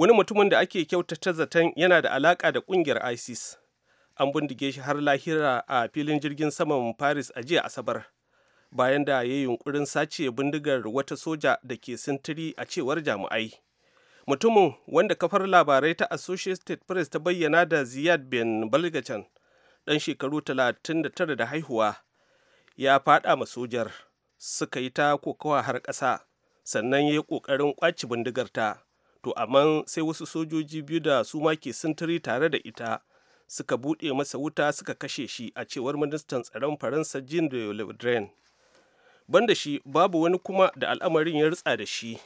wani mutumin da ake kyautata zaton yana da alaka da kungiyar isis an bindige shi har lahira a filin jirgin saman paris a jiya asabar bayan da ya yi yunkurin sace bindigar wata soja da ke sintiri a cewar jami'ai mutumin wanda kafar labarai ta associated press ta bayyana da ziyad bin balgachan ɗan shekaru 39 da haihuwa ya fada ma sojar suka yi ta kokawa har ƙasa sannan ya yi ƙoƙarin ƙwace bindigar ta to amma sai wasu sojoji biyu da su ma ke sintiri tare da ita suka buɗe masa wuta suka kashe shi a cewar ministan tsaron faransa jean de le Ban banda shi babu wani kuma da al'amarin ya rutsa da shi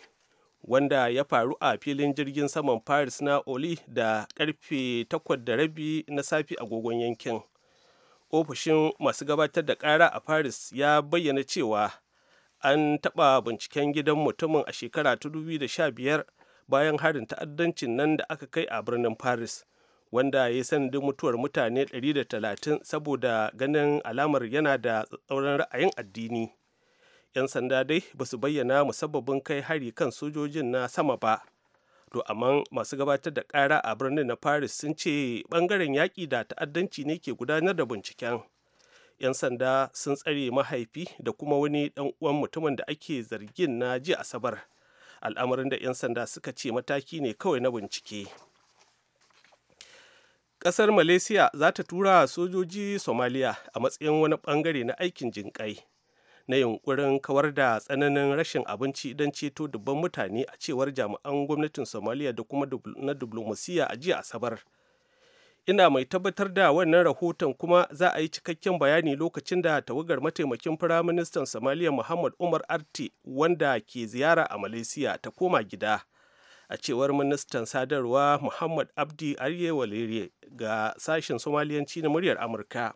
wanda ya faru a filin jirgin saman paris na oli da karfe takwas da rabi na safi agogon yankin ofishin masu gabatar da kara a paris ya bayyana cewa an taɓa binciken gidan mutumin a shekara ta da sha biyar. bayan harin ta'addancin nan da aka kai a birnin paris wanda ya yi sanadin mutuwar mutane 130 saboda ganin alamar yana da tsauran ra'ayin addini 'yan sanda dai ba su bayyana musabbabin kai hari kan sojojin na sama ba to amma masu gabatar da ƙara a birnin na paris sun ce ɓangaren yaƙi da ta'addanci ne ke gudanar da binciken 'yan sanda sun tsare mahaifi da kuma wani ɗan uwan mutumin da ake zargin na ji asabar al'amarin da 'yan sanda suka ce mataki ne kawai na bincike ƙasar malaysia za ta tura sojoji Somalia a matsayin wani bangare na aikin jinƙai na yunkurin kawar da tsananin rashin abinci don ceto dubban mutane a cewar jami'an gwamnatin Somalia da kuma na diplomasiya a jiya asabar ina mai tabbatar da wannan rahoton kuma za a yi cikakken bayani lokacin da tawagar mataimakin firaministan somaliya muhammad umar arti wanda ke ziyara a malaysia ta koma gida a cewar ministan sadarwa muhammad abdi arye walere ga sashen somaliyanci na muryar amurka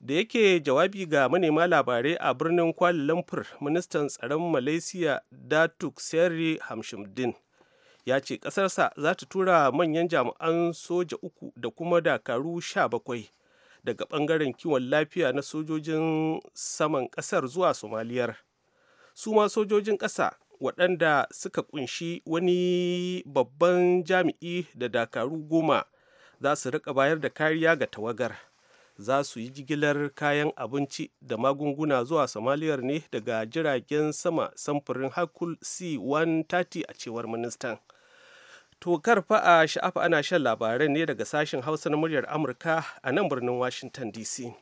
da yake jawabi ga manema labarai a birnin kwallon lumpur ministan tsaron malaysia datuk seri hamshimdin ya ce ƙasarsa za ta tura manyan jami'an soja uku da kuma dakaru sha bakwai daga ɓangaren kiwon lafiya na sojojin saman ƙasar zuwa somaliyar su ma sojojin ƙasa waɗanda suka ƙunshi wani babban jami'i da dakaru goma za su riƙa bayar da kariya ga tawagar za su yi jigilar kayan abinci da magunguna zuwa somaliyar ne daga jiragen sama samfurin hakul c-130 a cewar ministan To karfa a sha'afa ana shan labaran ne daga sashen Hausa na muryar Amurka a nan birnin Washington DC.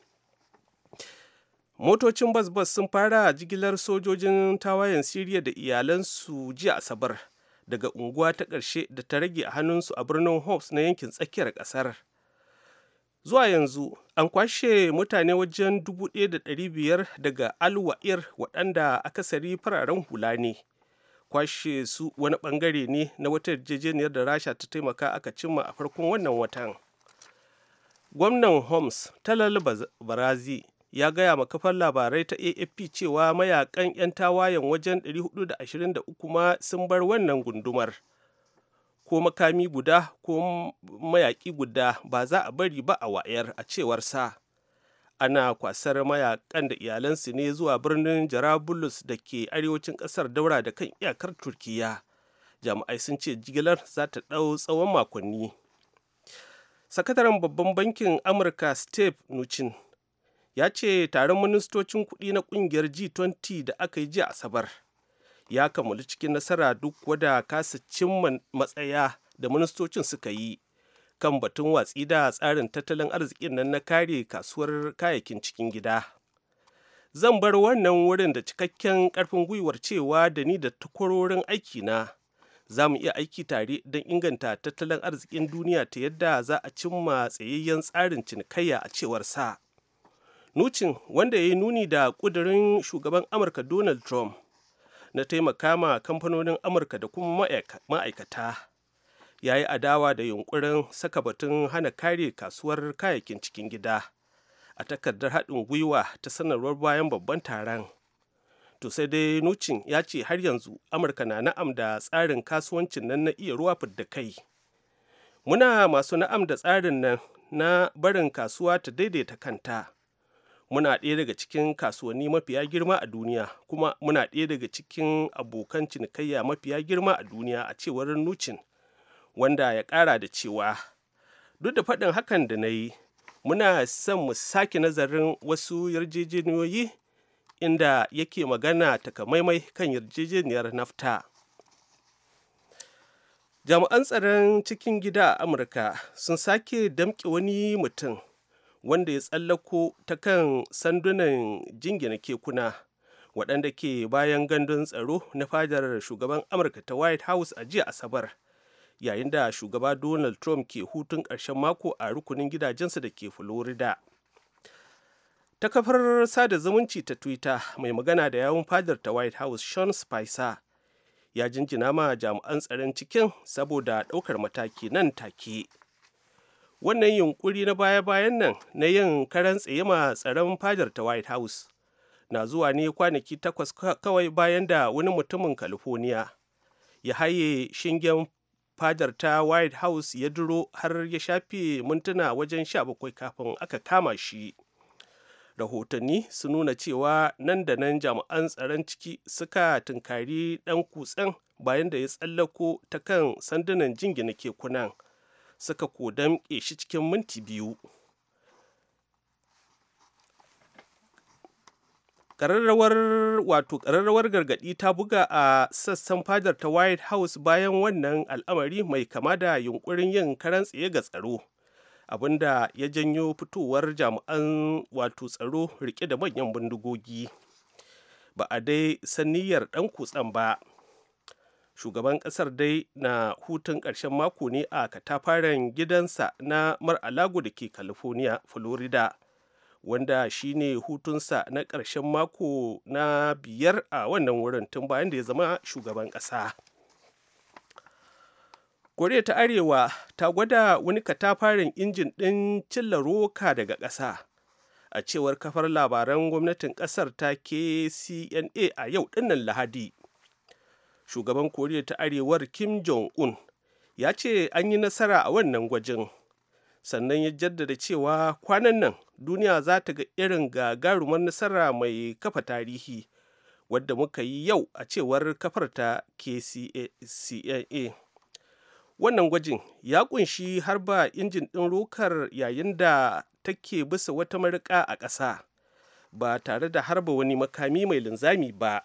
Motocin bas-bas sun fara jigilar sojojin tawayen Siriya da iyalansu jiya Asabar daga unguwa ta ƙarshe da ta rage a hannunsu a birnin Homs na yankin tsakiyar ƙasar. Zuwa yanzu an kwashe mutane wajen 1,500 daga alwa'ir waɗanda akasari fararen hula ne. kwashe su wani bangare ne na wata yarjejeniyar da rasha ta taimaka aka cimma a farkon wannan watan gwamnan homs talal barazi ya gaya ma kafar labarai ta afp cewa mayakan 'yan tawayen wajen 423 ma sun bar wannan gundumar ko makami guda ko mayaki guda ba za a bari ba a wa'yar a cewar sa ana kwasar mayakan da iyalansu ne zuwa birnin jarabulus da ke arewacin kasar daura da kan iyakar turkiya jami'ai sun ce jigilar za ta ɗau tsawon makonni sakataren babban bankin amurka steve nucin ya ce taron ministocin kuɗi na ƙungiyar g20 da aka yi jiya asabar ya kammalu cikin nasara duk wada kasa cimma matsaya da ministocin suka yi kan batun watsi da tsarin tattalin arzikin nan na kare kasuwar kayayyakin cikin gida zan bar wannan wurin da cikakken karfin gwiwar cewa da ni da takwarorin aikina za mu iya aiki tare don inganta tattalin arzikin duniya ta yadda za a cimma tsayayyen tsarin cinikayya a cewar sa nucin wanda ya yi nuni da ƙudurin shugaban amurka donald trump na taimaka ma kamfanonin amurka da kuma ma'aikata ya yi adawa da yunkurin saka batun hana kare kasuwar kayayyakin cikin gida a takardar haɗin gwiwa ta sanarwar bayan babban taron to sai dai nucin ya ce har yanzu amurka na na'am da tsarin kasuwancin nan na iya ruwa da kai muna masu na'am da tsarin nan na barin kasuwa ta daidaita kanta muna ɗaya daga cikin kasuwanni mafiya girma a duniya kuma muna ɗaya daga cikin abokan cinikayya mafiya girma a duniya a cewar nucin wanda ya ƙara da cewa duk da faɗin hakan da na yi muna son mu sake nazarin wasu yarjejeniyoyi inda yake magana takamaimai kan yarjejeniyar nafta jami'an tsaron cikin gida a amurka sun sake damƙe wani mutum wanda ya tsallako ta kan sandunan jingina kekuna waɗanda ke bayan gandun tsaro na fadar shugaban amurka ta white house a jiya asabar yayin da shugaba donald trump ke hutun ƙarshen mako a rukunin gidajensa da ke florida ta kafar sada zumunci ta twitter mai magana da yawun fadar ta white house sean spicer ya jinjina ma jami'an tsaron cikin saboda ɗaukar mataki nan take wannan yunkuri na baya-bayan nan na yin karan tsaye ma tsaron fadar ta white house na zuwa ne kwanaki takwas kawai bayan da wani mutumin california ya haye shingen fadar ta white house ya duro har ya shafe mintuna wajen sha bakwai kafin aka kama shi rahotanni su nuna cewa nan da nan jami'an tsaron ciki suka tunkari ɗan kutsen bayan da ya tsallako ta kan sandunan jingina kekunan suka ko damƙe shi cikin minti biyu Ƙararrawar wato ƙararrawar gargaɗi ta buga a sassan fadar ta White House bayan wannan al'amari mai kama da yunkurin yin karan tsaye ga tsaro. abinda ya janyo fitowar jami'an wato tsaro rike da manyan bindigogi ba a dai saniyar dan kutsan ba shugaban ƙasar dai na hutun ƙarshen mako ne a katafaren gidansa na mar da ke california florida wanda shine hutunsa na ƙarshen mako na biyar a wannan wurin tun bayan da ya zama shugaban ƙasa. koriya ta arewa ta gwada wani katafaren injin ɗin cilla roka daga ƙasa a cewar kafar labaran gwamnatin ƙasar ta kcna a yau ɗinnan lahadi shugaban koriya ta arewar kim jong-un ya ce an yi nasara a wannan gwajin sannan ya jaddada cewa kwanan nan duniya za ta ga irin gagarumar nasara mai kafa tarihi wadda muka yi yau a cewar kafar ta kcna wannan gwajin ya kunshi har ba injin ɗin rokar yayin da take bisa wata marika a ƙasa ba tare da harba wani makami mai linzami ba.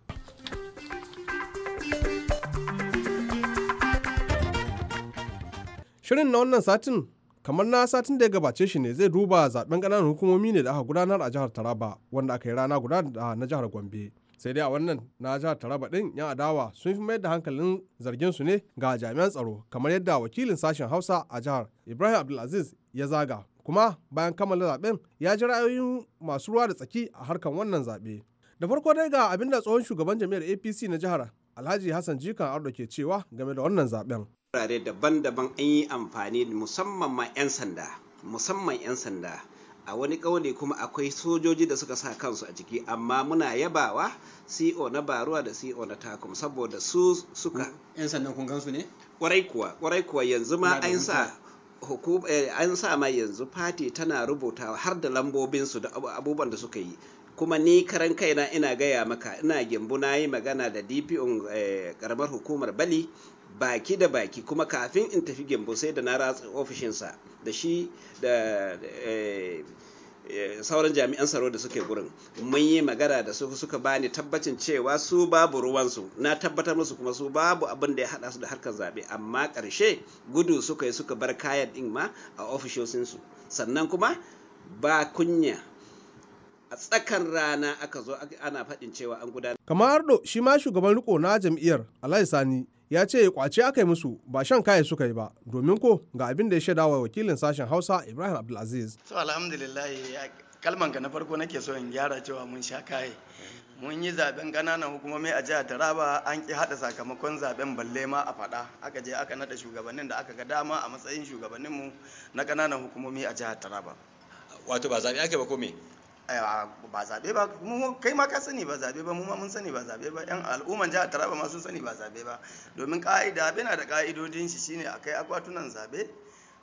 Shirin na wannan satin kamar na satin da ya gabace shi ne zai duba zaben ƙananan hukumomi ne da aka gudanar a jihar Taraba wanda aka yi rana guda da na jihar Gombe. Sai dai a wannan na jihar Taraba din yan adawa sun fi mayar da hankalin zargin su ne ga jami'an tsaro kamar yadda wakilin sashen Hausa a jihar Ibrahim Abdulaziz ya zaga kuma bayan kammala zaben ya ji ra'ayoyin masu ruwa da tsaki a harkan wannan zaɓe. Da farko dai ga abinda tsohon shugaban jami'ar APC na jihar Alhaji Hassan Jikan Ardo ke cewa game da wannan zaben. wurare daban-daban an yi amfani musamman ma 'yan sanda musamman 'yan sanda a wani ƙaune kuma akwai sojoji da suka sa kansu a ciki amma muna yabawa co na baruwa da co na takum saboda su suka 'yan sandan kun gansu ne kwarai kuwa kuwa yanzu ma an sa eh, an sa ma yanzu fati tana rubutawa har da lambobinsu da abubuwan da suka yi kuma ni karan kaina ina gaya maka ina gimbu na yi magana da dpo eh, karamar hukumar bali baki da baki kuma kafin in tafi gimbu sai da na ratsa ofishinsa da shi da eh, eh, sauran jami'an tsaro da suke gurin mun yi magana da su suka bani tabbacin cewa su babu ruwansu na tabbatar musu kuma su babu abin da ya hada su da harkar zaɓe amma ƙarshe gudu suka yi suka bar kayan ɗin ma a ofishosinsu sannan kuma ba kunya a tsakan rana aka zo ana faɗin cewa an gudanar. kamar ardo shi ma shugaban riko na jam'iyyar alhaji sani ya ce kwace aka yi musu ba shan kaya suka yi ba domin ko ga abin da ya shaida wa wakilin sashen hausa ibrahim abdulaziz. so alhamdulillah kalman ka na farko nake so in gyara cewa mun sha kaye mun yi zaben ƙananan hukumomi a jihar taraba an ki haɗa sakamakon zaben balle ma a faɗa aka je aka naɗa shugabannin da aka ga dama a matsayin shugabanninmu na ƙananan hukumomi a jihar taraba wato ba zaɓe ake ba ko me ba zabe ba kai ma ka sani ba zabe ba mu ma mun sani ba zabe ba yan al'umman jihar Taraba ma sun sani ba zabe ba domin ka'ida bina da ka'idodin shi shine akai akwatunan zabe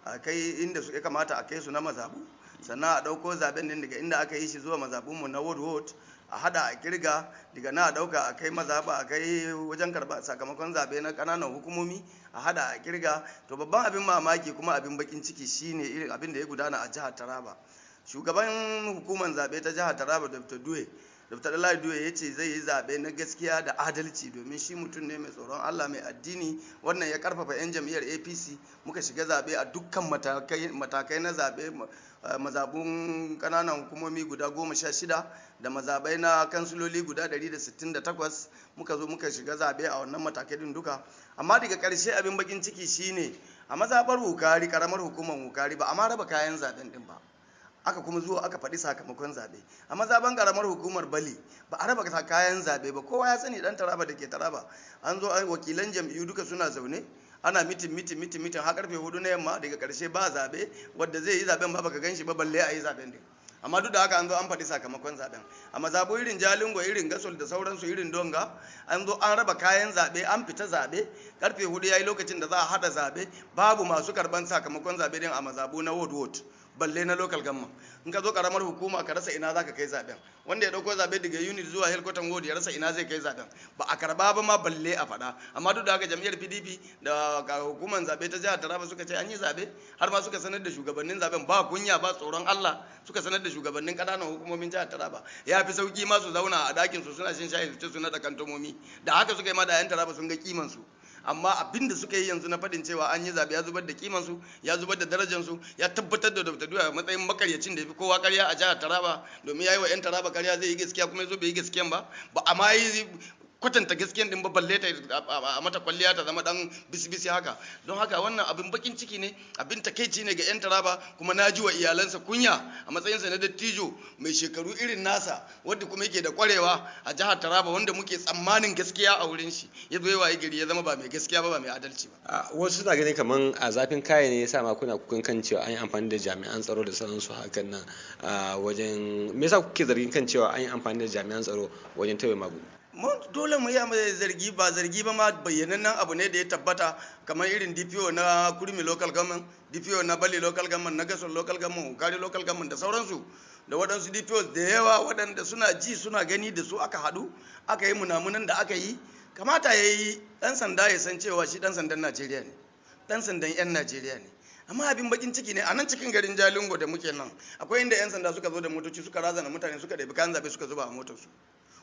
akai inda su kamata a kai su na mazabu sannan a dauko zaben din daga inda aka yi shi zuwa mu na ward ward a hada a kirga daga na dauka a kai mazaba a kai wajen karba sakamakon zabe na kananan hukumomi a hada a kirga to babban abin mamaki kuma abin bakin ciki shine irin abin da ya gudana a jihar Taraba shugaban hukumar zaɓe ta jihar taraba dr duwe dr dalai duwe ya ce zai yi zaɓe na gaskiya da adalci domin shi mutum ne mai tsoron allah mai addini wannan ya karfafa 'yan jam'iyyar apc muka shiga zaɓe a dukkan matakai na zaɓe eh, mazabun ƙananan hukumomi guda goma sha shida da mazabai na kansuloli guda 168 muka zo muka shiga zaɓe a wannan matakai din duka amma daga karshe abin bakin ciki shine a mazabar Hukari karamar hukumar Hukari ba a ma raba kayan zaɓen din aka kuma zuwa aka faɗi sakamakon zaɓe a zaɓen ƙaramar hukumar bali ba a raba kayan zaɓe ba kowa ya sani ɗan taraba da ke taraba an zo wakilan jam'iyyu duka suna zaune ana mitin mitin mitin mitin har karfe hudu na yamma daga karshe ba zaɓe wadda zai yi zaɓen ba baka gan shi ba balle a yi zaɓen din amma duk da haka an zo an faɗi sakamakon zaɓen amma zaɓo irin jalingo irin gasol da sauransu irin donga an zo an raba kayan zaɓe an fita zaɓe karfe hudu ya yi lokacin da za a haɗa zaɓe babu masu karɓan sakamakon zaɓe din a mazabu na ward ward balle na local government in ka zo karamar hukuma ka rasa ina zaka kai zaben wanda ya dauko zabe daga unit zuwa headquarter ward ya rasa ina zai kai zaben ba a karba ba ma balle a faɗa amma duk da haka jam'iyyar PDP da hukumar zabe ta jihar Taraba suka ce an yi zabe har ma suka sanar da shugabannin zaben ba kunya ba tsoron Allah suka sanar da shugabannin kananan hukumomin jihar Taraba ya fi sauki ma su zauna a dakin su suna shin shayi su ce suna da kantomomi da haka suka yi ma da yan Taraba sun ga kiman su amma abin da suka yi yanzu na faɗin cewa an yi zaɓe ya zubar da kimansu ya zubar da su ya tabbatar da dr duwa matsayin makaryacin da ya fi kowa karya a jihar taraba domin ya yi wa 'yan taraba karya zai yi gaskiya kuma ya zo bai yi gaskiyan ba ba ma kwatanta gaskiyan din ba balle ta a mata kwalliya ta zama dan bisibisi haka don haka wannan abin bakin ciki ne abin takeici ne ga yan taraba kuma na ji wa iyalansa kunya a matsayinsa na dattijo mai shekaru irin nasa wanda kuma yake da kwarewa a jihar taraba wanda muke tsammanin gaskiya a wurin shi ya zo waye gari ya zama ba mai gaskiya ba ba mai adalci ba wasu suna ganin kaman a zafin kaya ne yasa ma kuna kukan kan cewa an yi amfani da jami'an tsaro da sauransu hakan nan wajen me yasa kuke zargin kan cewa an yi amfani da jami'an tsaro wajen tauye dole mu yi mai zargi ba zargi ba ma nan abu ne da ya tabbata kamar irin dpo na kurmi local government dpo na bali local government na gasar local government hukari local government da sauransu da waɗansu dpo da yawa waɗanda suna ji suna gani da su aka haɗu aka yi munamunan da aka yi kamata ya yi ɗan sanda ya san cewa shi ɗan sandan najeriya ne ɗan sandan 'yan najeriya ne amma abin bakin ciki ne a nan cikin garin jalingo da muke nan akwai inda 'yan sanda suka zo da motoci suka razana mutane suka ɗabi kayan zaɓe suka zuba a motarsu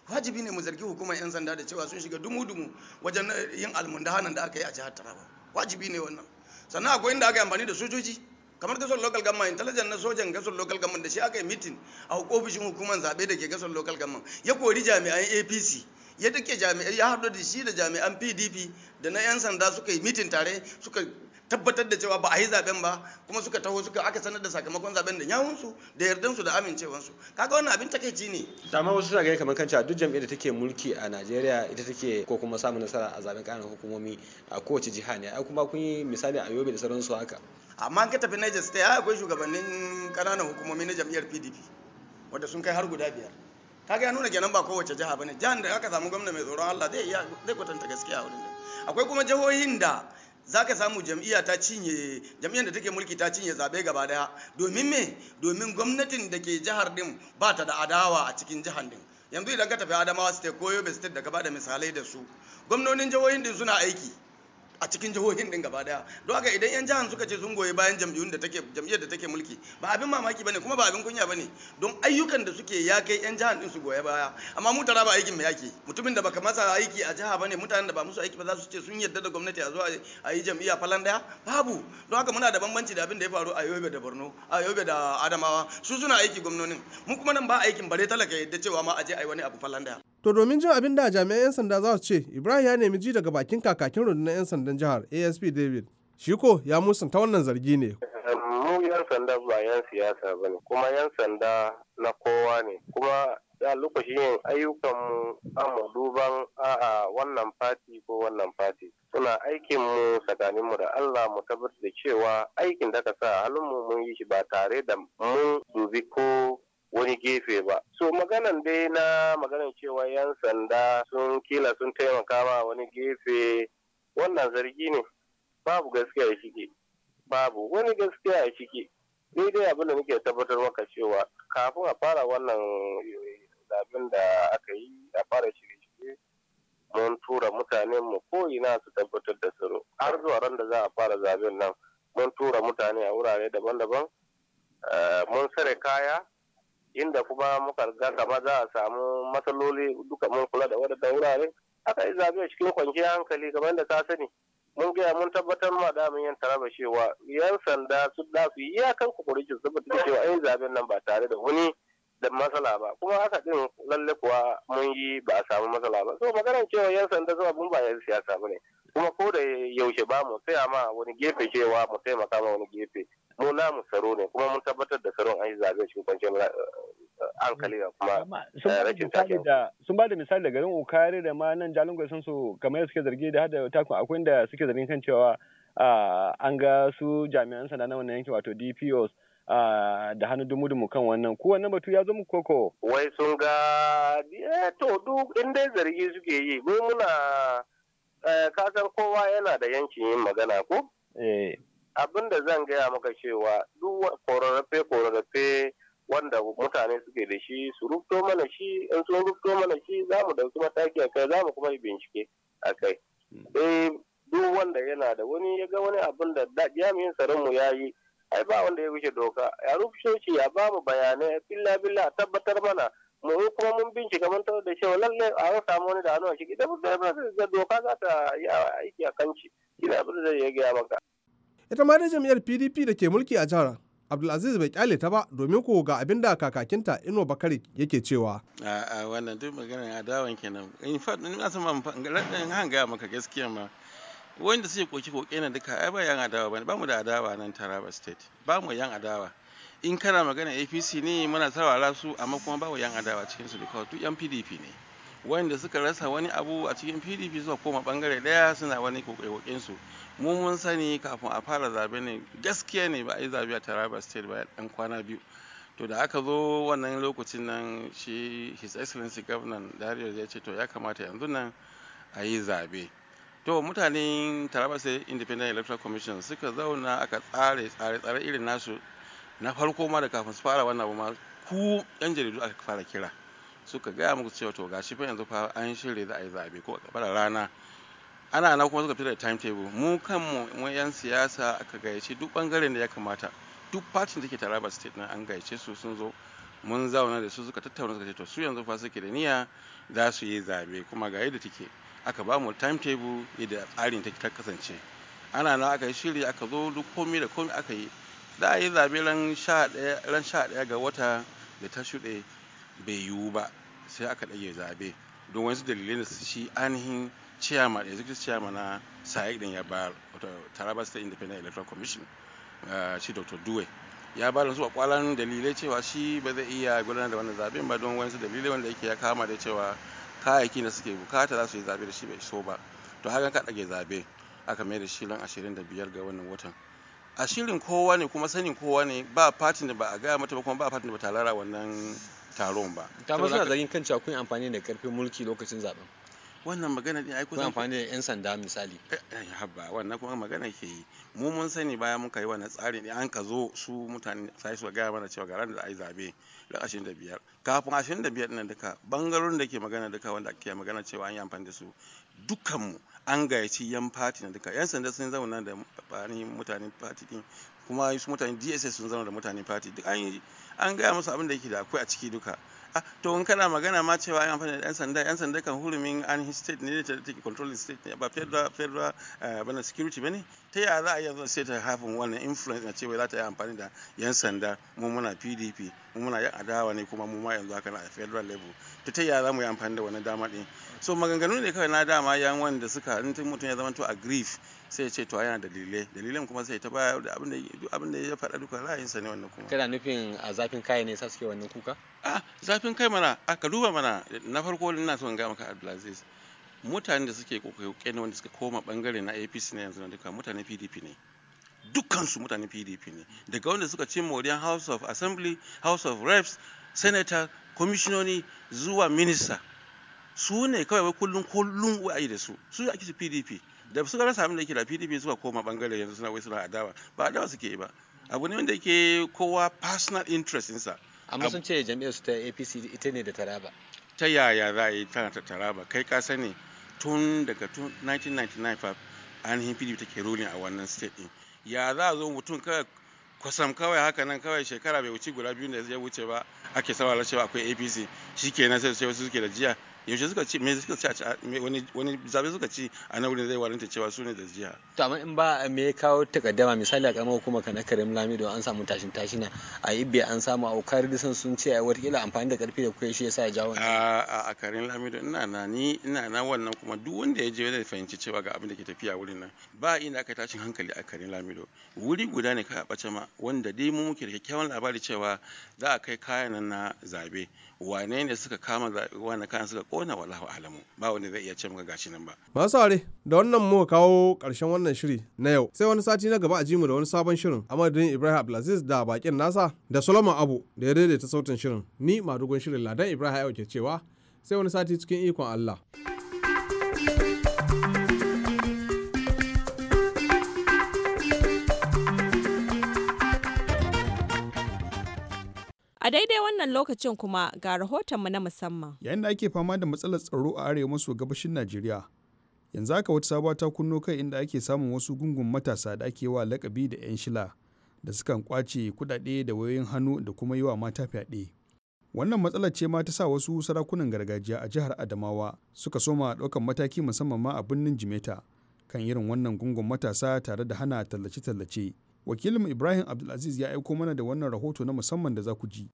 wajibi ne mu zargi hukumar 'yan sanda da cewa sun shiga dumu-dumu wajen yin almundahanan da aka yi a jihar taraba wajibi ne wannan sannan akwai inda aka yi amfani da sojoji kamar gasar local government intelligence na sojan gasar local government da shi aka yi mitin a ofishin hukumar zaɓe da ke gasar local government ya kori jami'an apc ya dake jami'ai ya haɗu da shi da jami'an pdp da na 'yan sanda suka yi mitin tare suka tabbatar da cewa ba a yi zaben ba kuma suka taho suka aka sanar da sakamakon zaben da yawunsu da yardansu da amincewansu kaga wannan abin takeici ne dama wasu suna gani kamar kanta duk jam'iyyar da take mulki a Najeriya ita take ko kuma samun nasara a zaben ƙananan hukumomi a kowace jiha ne ai kuma kun yi misali a Yobe da sauran su haka amma ka tafi Niger State ai akwai shugabannin ƙananan hukumomi na jam'iyyar PDP wanda sun kai har guda biyar kaga ya nuna kenan ba kowace jiha bane jihar da aka samu gwamna mai tsoron Allah zai iya zai kwatanta gaskiya a wurin akwai kuma jihohin da za ka samu jam'iyya ta cinye jam'iyyar da take mulki ta cinye zabe gaba daya domin me domin gwamnatin da ke jihar din ba ta da adawa a cikin jihar din yanzu idan ka tafi adamawa state ko yobe state da gaba da misalai da su gwamnonin jihohin din suna aiki a cikin jihohin din gaba daya don haka idan yan jihar suka ce sun goyi bayan jam'iyyun da take jam'iyyar da take mulki ba abin mamaki bane kuma ba abin kunya bane don ayyukan da suke ya kai yan jihar din su goyi baya amma mu tara ba aikin mai yake mutumin da baka masa aiki a jiha bane mutanen da ba musu aiki ba za su ce sun yarda da gwamnati a zo a yi jam'iyya falan daya babu don haka muna da bambanci da abin da ya faru a Yobe da Borno a Yobe da Adamawa su suna aiki gwamnonin mu kuma nan ba aikin bare talaka yadda cewa ma a je a yi wani abu falan daya To domin jin abin da jami'an 'yan sanda za su ce, Ibrahim ya nemi ji daga bakin kakakin rundunar 'yan sandan jihar ASP David. Shiko ya musanta wannan zargi ne. Mu 'yan sanda ba 'yan siyasa ba ne, kuma 'yan sanda na kowa ne, kuma da lokacin yin ayyukanmu mu duban a'a wannan fati ko wannan fati. Suna aikin mu tsakanin mu da Allah mu tabbatar da cewa aikin da ka sa halin mu mun yi shi ba tare da mun dubi ko wani gefe ba. So maganan dai na maganan cewa 'yan sanda sun kila sun taimaka ma wani gefe wannan zargi ne babu gaskiya ya ciki babu wani gaskiya ya ciki ni dai abin da muke tabbatar maka cewa kafin a fara wannan eh, zaben da aka yi a fara shirye-shirye mun tura mutanen mu ko ina su tabbatar da tsaro har zuwa ran da za a fara zaben nan mun tura mutane a wurare daban-daban eh, mun sare kaya inda kuma muka riga gaba za a samu matsaloli duka mun kula da wadannan wurare aka yi zaɓe cikin kwanciyar hankali kamar da ta sani mun gaya mun tabbatar ma da mun yin taraba cewa yan sanda su da su iyakan kokori su tabbata cewa an yi zaben nan ba tare da wani da matsala ba kuma haka din lalle kuwa mun yi ba a samu matsala ba so magana cewa yan sanda zuwa mun ba yan siyasa bane kuma ko da yaushe ba mu tsaya ma wani gefe cewa mu taimaka ma wani gefe mu namu tsaro ne kuma mun tabbatar da tsaron an yi zaɓe cikin kwanciyar eh, hankali da kuma eh, rashin takin. Sun ba da misali da garin Okare da ma nan Jalingo sun su kamar suke zargi da hada takun akwai da suke zargin kan cewa an ga su jami'an sanda na wannan yankin wato DPOs da hannu dumu dumu kan wannan ko wannan batu ya zo muku koko wai sun ga eh, to duk inda zargi suke yi mu muna kasan kowa yana da yankin yin magana ko eh abin da zan gaya maka cewa duk korarrafe korarrafe wanda mutane suke da shi su rubto mana shi in sun rubto mana shi za mu ɗauki mataki a kai za mu kuma yi bincike a kai hmm. eh duk wanda yana da wani ya ga wani abin da jami'in mu ya yi ai ba wanda ya wuce doka ya rubuce shi ya ba mu bayanai billa billa tabbatar mana mu yi kuma mun bincika mun tabbata da cewa lallai a yau samu wani da hannu a shi idan da doka za ta yi aiki a kanci shi abin da zai gaya maka. ita ma dai jam'iyyar pdp da ke mulki a jihar abdulaziz bai kyale ta ba domin ko ga abin da kakakinta ino bakari yake cewa a wannan duk maganar dawon kenan in fa in na sama han hanga maka gaskiya ma wanda suke koki koke na duka ai ba yan adawa bane bamu da adawa nan taraba state bamu yan adawa in kana magana apc ne muna saurara su amma kuma babu yan adawa cikin su duka duk yan pdp ne wanda suka rasa wani abu a cikin pdp suka koma bangare daya suna wani kokokin su mu mun sani kafin a fara zabe ne gaskiya ne ba a yi zabe a taraba state ba yan kwana biyu to da aka zo wannan lokacin nan shi his excellency governor darius ya ce to ya kamata yanzu nan a yi zabe to mutanen taraba state independent electoral commission suka zauna aka tsare tsare tsare irin nasu na farko ma da kafin su fara wannan abu ma ku yan jaridu aka fara kira suka gaya muku cewa to gashi fa yanzu fa an shirya za a yi zabe ko a rana ana na kuma suka fitar da timetable mu kanmu mu yan siyasa aka gayyace duk bangaren da ya kamata duk fatin da ke taraba state na an gayyace su sun zo mun zauna da su suka tattauna suka ce to su yanzu fa suke da niyya za su yi zabe kuma ga yadda take aka ba mu timetable yadda tsarin take ta kasance ana na aka yi shiri aka zo duk komai da komai aka yi za a yi zabe ran sha ɗaya ga wata da ta shuɗe bai yiwu ba sai aka ɗage zabe don wasu dalilai da su shi ainihin chairman executive chairman na saec din ya ba taraba state independent electoral commission uh, shi dr duwe ya ba da su kwalan dalilai cewa shi ba zai iya gudanar da wannan zaben ba don wasu dalilai wanda yake ya kama da cewa kayayyaki da suke bukata za su yi zabe da shi bai so ba to hakan ka dage zabe aka mai da shi 25 ga wannan watan a shirin kowa ne kuma sanin kowa ne ba fatin da ba a gaya mata ba kuma ba fatin da ba ta lara wannan taron ba ta suna zargin kan cewa kun amfani da karfin mulki lokacin zaben wannan magana ne ai kusan amfani da yan sanda misali eh, eh, habba wannan kuma magana ke yi mu mun sani bayan muka yi wannan tsari ne an ka zo su mutane sai su gaya mana cewa garan da ai zabe da 25 kafin 25 nan duka bangarorin da ke magana duka wanda ke magana cewa an yi amfani da su dukkanmu an gayyaci yan party na duka yan sanda sun zauna da mutanen party din kuma su mutane dss sun zauna da mutanen party duk an gaya musu abin da yake da akwai a ciki duka to in kana magana ma cewa an amfani da yan sanda yan sanda kan hurumin an state ne ta take controlling state ne ba federal federal eh, bana security bane ta yaya za a yanzu sai ta hafin wannan influence na cewa za ta yi amfani da yan sanda mu muna PDP mu muna yan adawa ne kuma mu ma yanzu haka na federal level to ta yaya za mu yi amfani da wannan dama din so maganganu ne kawai na dama yan wanda suka in mutum ya zama to a grief sai ya ce to yana dalilai dalilan kuma sai ta baya da abin da ya faɗa duka ra'ayinsa ne wannan kuma kana nufin a zafin kai ne sa suke wannan kuka a zafin kai mana a ka duba mana na farko ina so in ga maka Abdulaziz mutane da suke kokoke ne wanda suka koma bangare na APC ne yanzu duka mutane PDP ne dukkansu mutane PDP ne daga wanda suka ci moriyan House of Assembly House of Reps Senator Commissioner zuwa Minister su ne kawai kullum kullum wa'ayi da su su ake su PDP da suka rasa abin da yake da pdp suka koma bangare yanzu suna wai suna adawa ba adawa suke yi ba abu ne wanda yake kowa personal interest insa amma sun ce jami'ar su ta apc ita ne da taraba ta yaya za a yi tana ta taraba kai ka sani tun daga 1995 ainihin pdp take ruling a wannan state din ya za a zo mutum kawai kwasam kawai haka nan kawai shekara bai wuce guda biyu da ya wuce ba ake sawa cewa akwai apc shikenan sai su ce wasu suke da jiya yaushe suka ci me suka ci wani wani zabe suka ci a nan wurin zai waranta cewa su ne da jiha to amma in ba me ya kawo takaddama misali a karamar hukumar kana Karim Lamido an samu tashin tashin a Ibbe an samu aukar disan sun ce a watakila amfani da karfi da kuke shi yasa ya jawo a a Karim Lamido ina na ni ina na wannan kuma duk wanda ya je zai fahimci cewa ga abin da ke tafiya wurin nan ba inda aka tashin hankali a Karim Lamido wuri guda ne ka bace ma wanda dai mu muke da kyakkyawan labari cewa za a kai kayan nan na zabe wane ne suka kama wane kan suka kona wallahu alamu ba wani zai iya ce maka gashi nan ba masu are da wannan mu kawo karshen wannan shiri na yau sai wani sati na gaba a ji mu da wani sabon shirin a madadin Ibrahim Abdulaziz da bakin nasa da Solomon Abu da ya daidaita sautin shirin ni madugun shirin Ladan Ibrahim Ayo ke cewa sai wani sati cikin ikon Allah. A daidai wannan lokacin kuma ga rahoton rahotonmu na musamman. Yayin da ake fama da matsalar tsaro a arewa maso gabashin Najeriya, yanzu haka wata sabuwa ta kunno kai inda ake samun wasu gungun matasa da ake wa lakabi da 'yan shila da sukan kwace kudade da wayoyin hannu da kuma yi wa mata fyaɗe. Wannan matsalar ce ma ta sa wasu sarakunan gargajiya a jihar Adamawa suka soma ɗaukan mataki musamman ma a birnin Jimeta kan irin wannan gungun matasa tare da hana tallace-tallace. wakilinmu ibrahim abdulaziz ya aiko mana da wannan rahoto na musamman da za ku ji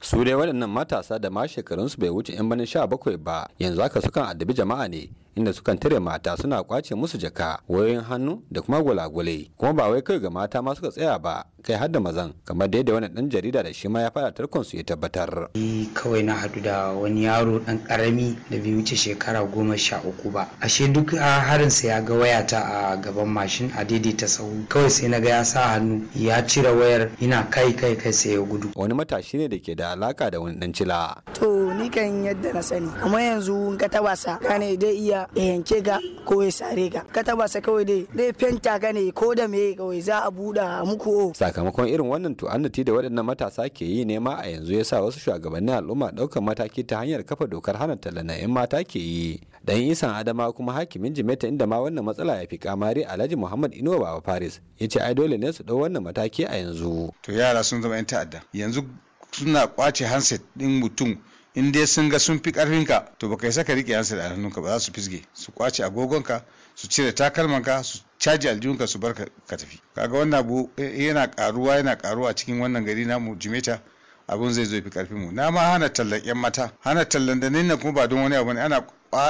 su dai waɗannan matasa da ma shekarunsu bai wuce 'yan banin sha bakwai ba yanzu haka sukan addabi jama'a ne inda sukan tare mata suna kwace musu jaka wayoyin hannu da kuma gwalagwale kuma ba wai kai ga mata ma suka tsaya ba kai har da mazan kamar da yadda wani dan jarida da shi ma ya fara tarkon su ya tabbatar kawai na hadu da wani yaro dan karami da bai wuce shekara goma sha uku ba ashe duk harin sa ya ga waya ta a gaban mashin a daidaita sahu kawai sai na ga ya sa hannu ya cire wayar ina kai kai kai sai ya gudu wani matashi ne da ke da alaka da wani dan cila to ni yadda na sani amma yanzu in ka taba sa kane dai iya yanke ga ko ya sare ga ka taba sa kawai dai dai fenta ka ne ko da me kawai za a buɗa muku o sakamakon irin wannan tu'annati da waɗannan matasa ke yi nema a yanzu ya sa wasu shugabannin al'umma ɗaukar mataki ta hanyar kafa dokar hana talla mata ke yi dan isan adama kuma hakimin jimeta inda ma wannan matsala ya fi kamari alhaji muhammad inuwa baba faris ya ce ai dole ne su ɗau wannan mataki a yanzu to yara sun zama 'yan ta'adda yanzu suna kwace hanset ɗin mutum in dai sun ga sun fi karfinka to baka isa ka rike hansa da hannunka ba za su fisge su kwace agogonka su cire takalmanka su caji aljihunka su bar ka tafi kaga wannan abu eh, eh, yana karuwa yana karuwa cikin wannan gari mu jimeta abun zai zo fi karfin mu na ma hana tallan yan mata hana tallan da nan kuma ba don wani abu ne ana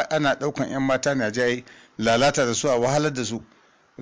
ana daukan yan mata na a lalata da su a wahalar da su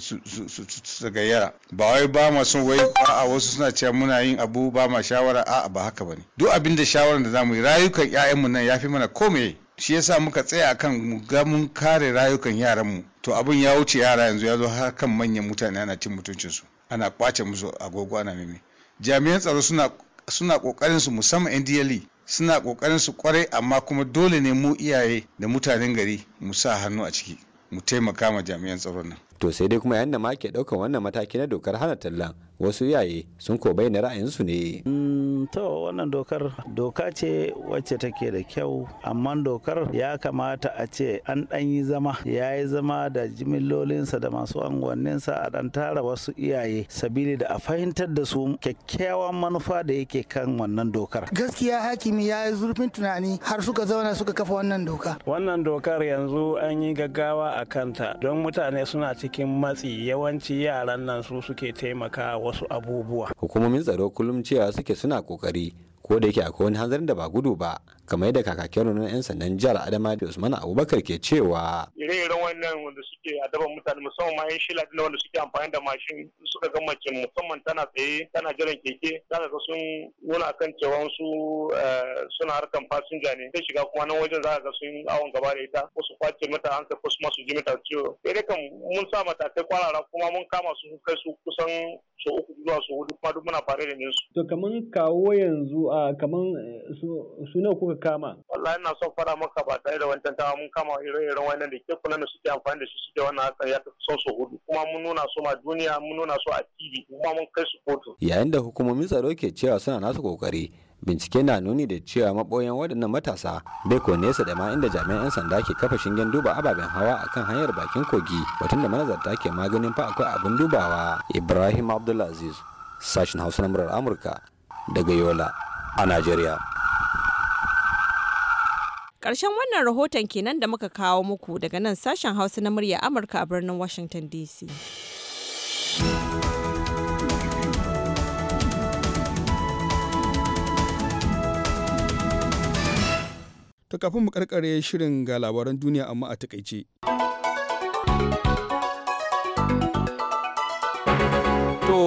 su gayyara ba wai ba ma son wai a wasu suna cewa muna yin abu ba ma shawara A'a ba haka bane duk abin da shawara da zamu yi rayukan ƴaƴanmu nan yafi mana komai shi yasa muka tsaya akan mu ga mun kare rayukan mu. to abin ya wuce yara yanzu ya zo har kan manyan mutane ana cin mutuncinsu ana kwace musu agogo ana mimi jami'an tsaro suna suna kokarin su musamman NDLE suna kokarin su kwarai amma kuma dole ne mu iyaye da mutanen gari mu sa hannu a ciki mu taimaka ma jami'an tsaron nan to sai dai kuma yayin da ma ke ɗaukar wannan mataki na dokar hana tallan wasu iyaye sun ko bayyana ra'ayinsu ne. Mm, to wannan dokar doka ce wacce take da kyau amma dokar ya kamata a ce an ɗan yi zama ya yi zama da jimillolinsa da masu anguwanninsa a dan tara wasu iyaye sabili da a fahimtar da su kyakkyawan manufa da yake kan wannan dokar. gaskiya hakimi ya yi zurfin tunani har suka zauna suka kafa wannan doka. wannan dokar yanzu an yi gaggawa a kanta don mutane suna cikin matsi yawanci yaran nan su suke taimaka wasu abubuwa hukumomin tsaro kullum cewa suke suna kokari ko da yake akwai wani hanzarin da ba gudu ba kamar yadda kakakin rundunar 'yan sandan jihar adama da usman abubakar ke cewa ire-iren wannan wanda suke adaban mutane musamman ma 'yan shila da wanda suke amfani da mashin suka ga mace musamman tana tsaye tana jiran keke za ka ga sun nuna akan cewa su eh, suna harkan fasinja ne sai shiga kuma nan wajen za ka ga sun awon gaba da ita ko su kwace mata hankali ko su masu ji mata ciwo sai dai kan mun sa matakai kwarara kuma mun kama su kai su kusan so uku zuwa so hudu kuma duk muna fare da su. to kaman kawo yanzu a ah, kaman eh, su nawa kuka kama? Wallahi ina son fara maka ba tare da wancan tawa mun kama ire-iren wannan da ke kula da suke amfani da shi suke wannan hakan ya son su hudu kuma mun nuna su ma duniya mun nuna su a TV kuma mun kai su kotu. Yayin da hukumomin tsaro ke cewa suna nasu kokari bincike na nuni da cewa maboyan waɗannan matasa bai ko nesa da ma inda jami'an 'yan sanda ke kafa shingen duba ababen hawa akan hanyar bakin kogi batun da manazarta ke maganin fa akwai abin dubawa ibrahim abdulaziz sashen hausa na murar amurka daga yola a najeriya Ƙarshen wannan rahoton kenan da muka kawo muku daga nan sashen Hausa na murya Amurka a birnin Washington DC. To kafin mu karkare shirin ga labaran duniya amma a takaice.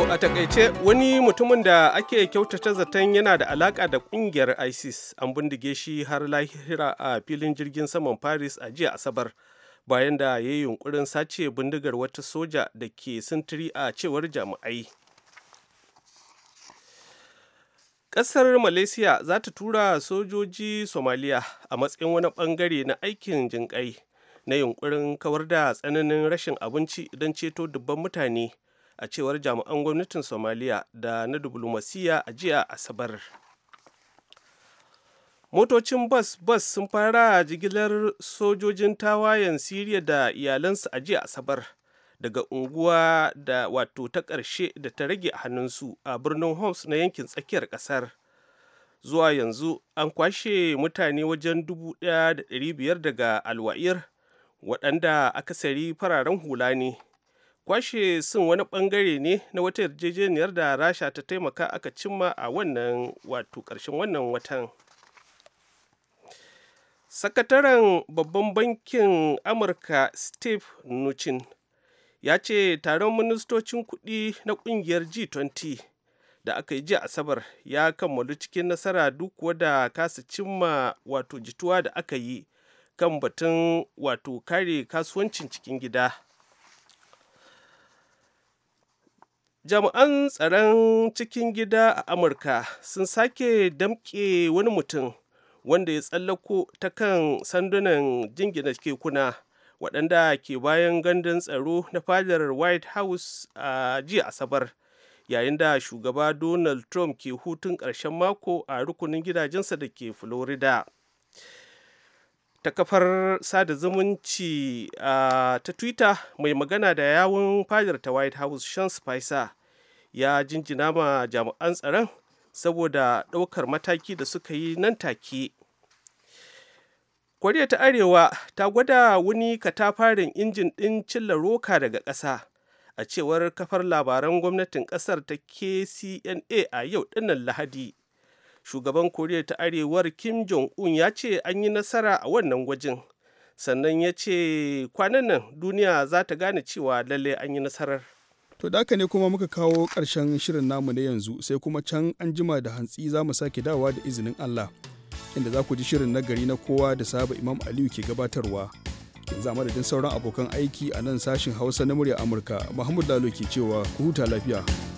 a takaice wani mutumin da ake kyautata zaton yana da alaka da kungiyar ISIS an bindige shi har lahira a filin jirgin saman Paris a jiya Asabar bayan da ya yi yunkurin sace bindigar wata soja da ke sintiri a cewar jami'ai. Ƙasar Malaysia za ta tura sojoji Somaliya a matsayin wani ɓangare na aikin jinƙai na yunkurin kawar da tsananin rashin abinci don ceto dubban mutane. a cewar jami'an gwamnatin somaliya da na diplomasiya a jiya asabar motocin bas bas sun fara jigilar sojojin tawayen siriya da iyalansu a jiya asabar daga unguwa da wato ta ƙarshe da ta rage a hannunsu a birnin homs na yankin tsakiyar ƙasar zuwa yanzu an kwashe mutane wajen 1,500 daga alwa'ir waɗanda akasari fararen hula ne kwashe sun wani bangare ne na wata yarjejeniyar da rasha ta taimaka aka cimma a wannan wato karshen wannan watan sakataren babban bankin amurka steve nuchin ya ce taron ministocin kudi na kungiyar g20 da aka yi ji asabar ya kammalu cikin nasara duk wada kasa cimma wato jituwa da aka yi kan batun wato kare kasuwancin cikin gida jami'an tsaron cikin gida a amurka sun sake damƙe wani mutum wanda ya tsallako ta kan sandunan jingina kekuna waɗanda ke bayan gandun tsaro na fadar white house a jiya asabar yayin da shugaba donald trump ke hutun ƙarshen mako a rukunin gidajensa da ke florida ta kafar sada zumunci ta twitter mai magana da yawun fadar ta white house sean spicer ya jinjina ma jami'an tsaron saboda ɗaukar mataki da suka yi nan take koriya ta arewa ta gwada wani katafarin injin ɗin cilla roka daga ƙasa a cewar kafar labaran gwamnatin ƙasar ta kcna a yau ɗinnan lahadi shugaban koriya ta arewar kim jong-un ya ce an yi nasara a wannan gwajin sannan ya ce kwanan nan duniya za ta gane cewa lalle an yi nasarar to da ne kuma muka kawo ƙarshen shirin namu na yanzu sai kuma can an jima da hantsi za mu sake dawa da izinin allah inda za ku ji shirin na gari na kowa da saba imam aliyu ke gabatarwa yanzu a madadin sauran abokan aiki a nan sashin hausa na murya amurka mahmud lalo ke cewa ku huta lafiya